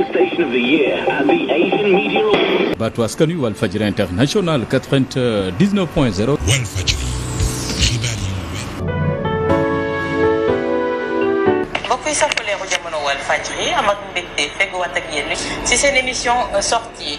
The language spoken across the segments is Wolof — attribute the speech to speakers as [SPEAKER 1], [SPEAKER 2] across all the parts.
[SPEAKER 1] radio station of the year at the Asian Media Awards. Baatu askan wi Walfadjri International 99 point 0. Walfadjri xibaar yi mu wér.
[SPEAKER 2] mbokk yi soppaleeru jamono Walfadjri am ak mbégte fekk waat ak yéen ci seen émission euh, sortie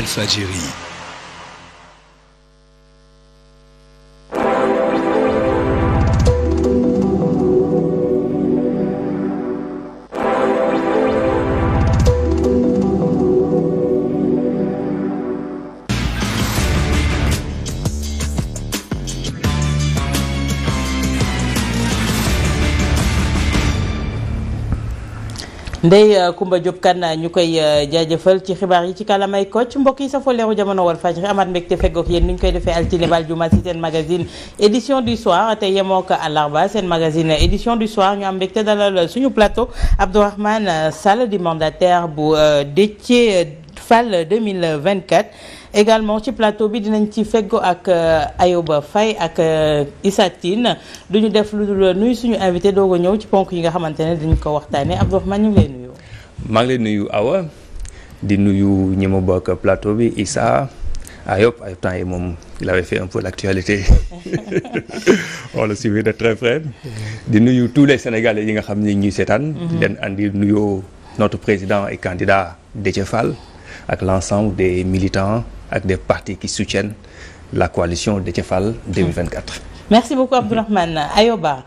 [SPEAKER 1] Alfagiri.
[SPEAKER 2] Ndeye Kumba euh, Diop Kane ñu koy euh, jaajëfal ci xibaar yi ci kàllaamay Kocc mbokk yi sa foleeru jamono Walfadjri amaat mbégte feggoog yéen ni ñu koy defee altine bal juma si seen magazine édition du soir te yemoo ko àllarba seen magazine édition du soir ñu am mbégte dalal suñu plateau Abdourahmane Sall di mandataire bu euh, Déthié Fall 2024 également ci plateau bi dinañ ci fego ak euh, Ayoba Faye ak euh, Issa Tine du ñu def lu dul nuyu suñu invité doog ñëw ci ponk yi nga xamante ne dañ ko waxtaanee Abdourahmane ñu ngi nuyu.
[SPEAKER 1] maa ngi lay nuyu Awa di nuyu ñi ma bokk plateau bi Issa. Ayop ah, Ayop temps yi moom il avait fait un peu l'actualité on le suivait de très près di nuyu tous les Sénégalais yi nga xam ni ñuy seetaan. Mhm. di leen andi nuyoo notre président et candidat Déthié Fall ak l'ensemble des militants. ak de parti qui soutiennent la de coalition Déthié Fall 2024.
[SPEAKER 2] merci beaucoup Abdourahmane Ayoba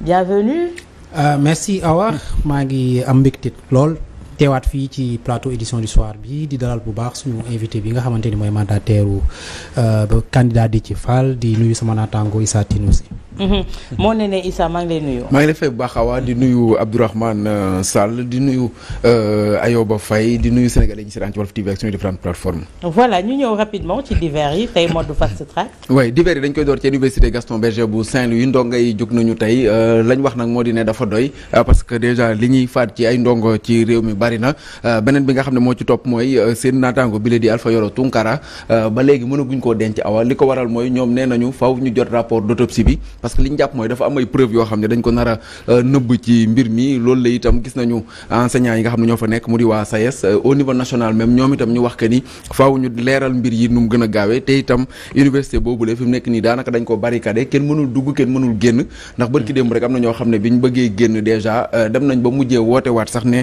[SPEAKER 2] bienvenue.
[SPEAKER 3] Euh, merci Awa maa ngi am mbégte lool teewaat fii ci plateau édition du soir bi di dalal bu baax suñu invité bi nga xamante ni mooy mandataire ba euh, candidat Déthié Fall di nuyu sama naataango Issa Tine si
[SPEAKER 2] Mhm. moo ne ne Issa maa ngi lay nuyu.
[SPEAKER 3] maa ngi lay fay bu baax Awa di nuyu Abdourahmane euh, Sall di nuyu euh, Ayoba Faye di nuyu Sénégalais yi ñu si daan ci Walf TV ak suñu différentes plateformes.
[SPEAKER 2] voilà ñu ñëw rapidement ci divers yi tey mode fast track.
[SPEAKER 3] oui divers yi dañ koy door ci université Gaston Berger bu Saint-Louis ndongo yi jóg nañu tey euh, lañ wax nag moo di dafa doy parce que déjà li ñuy faat ci ay ndongo ci réew mi bari na beneen bi nga xam ne moo ci topp mooy seen naataango bi la di Alpha Yoro Tunkara ba léegi mënaguñ koo denc Awa li ko waral mooy ñoom nee nañu faw ñu jot rapport d'autopsie bi parce que li ñu jàpp mooy dafa am ay preuve yoo xam ne dañ ko nar a euh, nëbb ci mbir mi loolu la itam gis nañu enseignants yi nga xam ne ñoo fa nekk mu di waa SAES e euh, au niveau national même ñoom itam ñu wax que ni faaw ñu leeral mbir yi nu mu gën a gaawee te itam université boobule fi mu nekk nii daanaka dañ ko barricadé kenn mënul dugg kenn mënul génn ndax bërki démb rek am na ñoo xam ne biñ bëggee génn déjà euh, dem nañ ba mujjee woote waat sax ne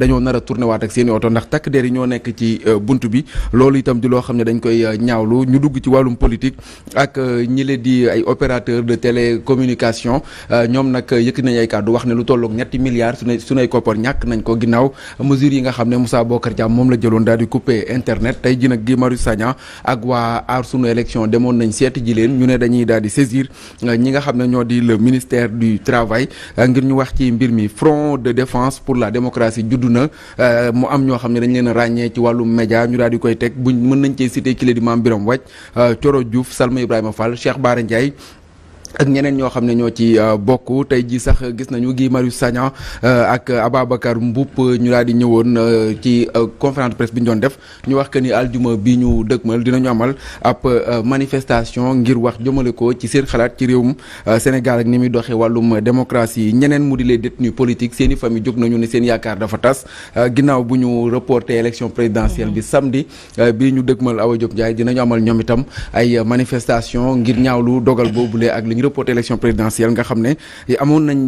[SPEAKER 3] dañoo nar a tourné waat ak seen ndax takk der yi nekk ci bunt bi loolu itam di loo xam ne dañ koy ñaawlu ñu dugg ci wàllum politique ak ñi le communication communications euh, ñoom nag yëkk nañ ay kàddu wax ne lu tolloog ñetti milliards su ne sunay koppar ñàkk nañ ko ginnaaw mesures yi nga xam ne Moussa Bocar Thiam moom la jëloon daal di coupé internet tey ji nag Guy Marius Sagna ak waa aar sunu élection demoon nañ seeti ji leen ñu ne dañuy daal di saisir euh, ñi nga xam ne ñoo di le ministère du travail euh, ngir ñu wax ci mbir mi front de défense pour la démocratie juddu na mu am ñoo xam ne dañ leen a ràññee ci wàllum média ñu daal di koy teg buñ mën nañ cee cité kilé di Mame Birame Wathie Thioro Diouf Salma Ibrahima Fall Cheikh Bara Ndiaye ak ñeneen ñoo xam ne ñoo ci euh, bokk tey ji sax gis nañu Guy Marius Sagna euh, ak Ababacar Mboup euh, ñu daal di ñëwoon ci conférence presse bi ñu doon def ñu wax que ni aljuma bi ñu dëgmal dinañu amal ab manifestation ngir wax jëmale ko ci seen xalaat ci réewum Sénégal ak ni muy doxee wàllum démocratie ñeneen mu di les détenus politiques seen famille jóg nañu ni seen yaakaar dafa tas ginnaaw bu ñu reporté élection présidentielle bi samedi bi ñu dëgmal Awa Diop Ndiaye dinañu amal ñoom itam ay manifestation ngir ñaawlu ñu reporté élection présidentielle nga xam ne amoon nañ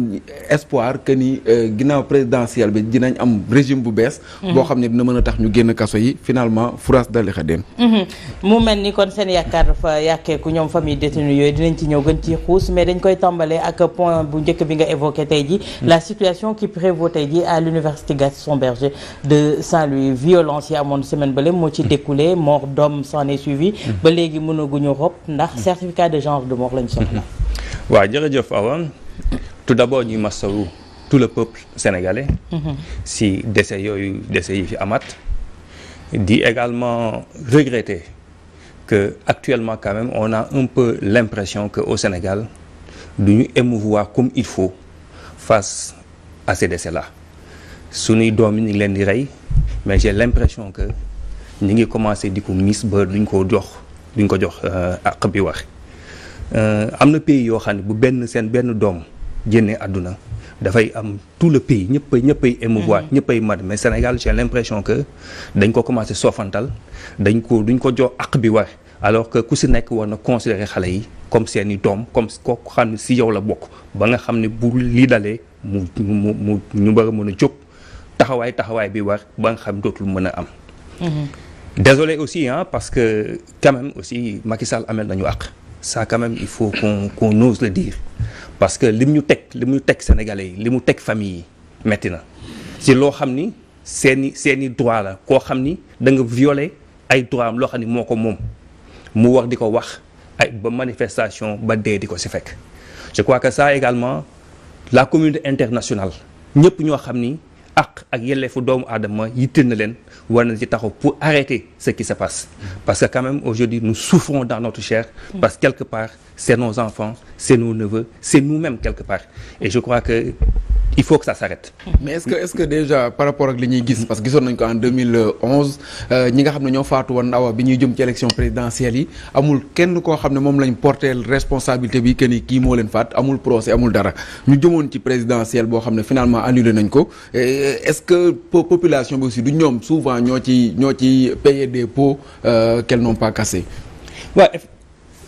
[SPEAKER 3] espoir que ni euh, ginnaaw présidentielle bi dinañ am régime bu bees. Mhm. boo xam ne dina mën a tax ñu génn kaso yi finalement France dali xadeen.
[SPEAKER 2] Mhm. mu mel ni kon seen yaakaar dafa yàqeeku ñoom famille détenu yooyu dinañ ci ñëw gën ci xuus mais dañ koy tàmbalee ak point bu njëkk bi nga évoqué tey ji mhm. la situation qui prévaut tey ji à l'université Gaston Berger de Saint-Louis violence yi amoon semaine bële moo ci découlé mort d'homme ba léegi mënaguñu rob ndax certificat de genre de mort lañ soxla.
[SPEAKER 1] waaw jërëjëf Awa tout d'abord ñuy masawu tout le peuple sénégalais mhm. si décès yooyu décès yi fi amat di également regretter que actuellement quand on a un peu l'impression que au Sénégal du ñu émouvoir comme il faut face à ces décès la suñuy doom yi ñu ngi leen di rey mais j'ai l'impression que ñu ngi commencé di ko miis ba duñ ko jox duñ ko jox a euh, bi wax Euh, am na pays yoo xam ne bu benn seen benn doom génnee àdduna dafay am tout le pays ñëpp a ñëpp ay émouvoir mhm. ay mat mais Sénégal j'ai l'impression que dañ ko commencé soofantal dañ ko duñ ko jox aq bi war alors que ku si nekk war na considérer xale yi comme seen i doom comme ko xam ne si yow la bokk ba nga xam ne bu lii dalee mu mu mu ñu war a mën a jóg taxawaay taxawaay bi war ba nga xam dootul mën a am mhm. désolé aussi parce que quand même aussi Macky Sall amel nañu ça quand il faut que qu'on ose le dire parce que lim ñu teg li mu teg sénégalais yi li mu teg famille yi métti na si loo xam ni seeni seeni droit la koo xam ni da nga violer ay droit am loo xam ni moo ko moom mu wax di ko wax ay ba manifestation ba dee di ko si fekk je crois que ça également la communauté internationale ñëpp ñoo xam ni àq ak yelleefu doomu aadama yitteel na leen war nañ ci taxaw pour arrêter ce qui se passe parce que quand même aujourd'hui nous souffrons dans notre chair parce que quelque part c'est nos enfants c'est nos neveux c'est nous-mêmes quelque part et je crois que il faut que ça s'arrête
[SPEAKER 3] mais est que est-ce que déjà par rapport ak li ñuy gis parce que gisoon nañ ko en euh, ñi nga xam ne ñoo faatu woon awa bi ñuy jëm ci élection présidentielle yi amul kenn koo xam ne moom lañ porteel responsabilité bi que ni kii moo leen faat amul procès amul dara ñu jëmoon ci présidentielle boo xam ne finalement annulé nañ ko est-ce que population bi aussi du ñoom souvent ñoo ci ñoo ci payer des pots euh, qu'elles n'ont pas cassés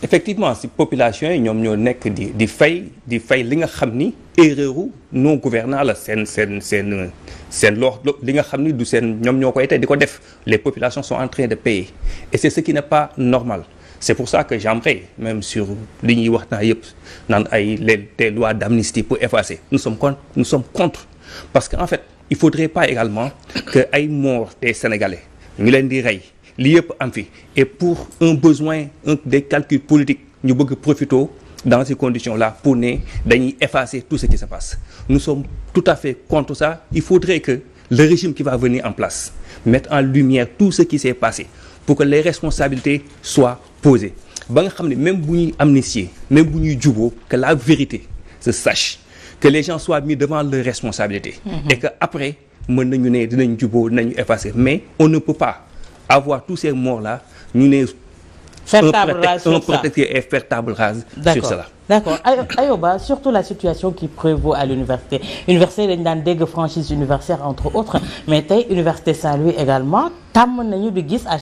[SPEAKER 1] effectivement si population yi ñoom ñoo nekk di di fay di fay li nga xam ni erreur non gouvernant la seen seen seen seen loo li nga xam ni du seen ñoom ñoo koy tey di ko def les population sont en train de payer et c'est ce qui n'est pas normal c'est pour ça que j'aimerais même sur li ñuy waxtaan naa yëpp naan ay les des lois d'amnistie pour effacer nous sommes contre nous contre parce que en fait il faudrait pas également que ay morts des Sénégalais ñu leen di rey li yëpp am fi et pour un besoin un des calculs politiques ñu bëgg profito dans ces conditions la pour ne dañuy effacer tout ce qui se passe nous sommes tout à fait contre ça il faudrait que le régime qui va venir en place mette en lumière tout ce qui s'est passé pour que les responsabilités soient posées ba nga xam ne même bu ñuy amnistier même bu ñuy joubo que la vérité se sache que les gens soient mis devant leurs responsabilités. Mm et que après avoir tous ces morts là ñu ne. faire table rase sur cela
[SPEAKER 2] d'accord Ayoba surtout la situation qui prévaut à l'université université dañu daan dégg franchise universitaire entre autres mais tey université Saint-Louis également tàmm nañu di gis.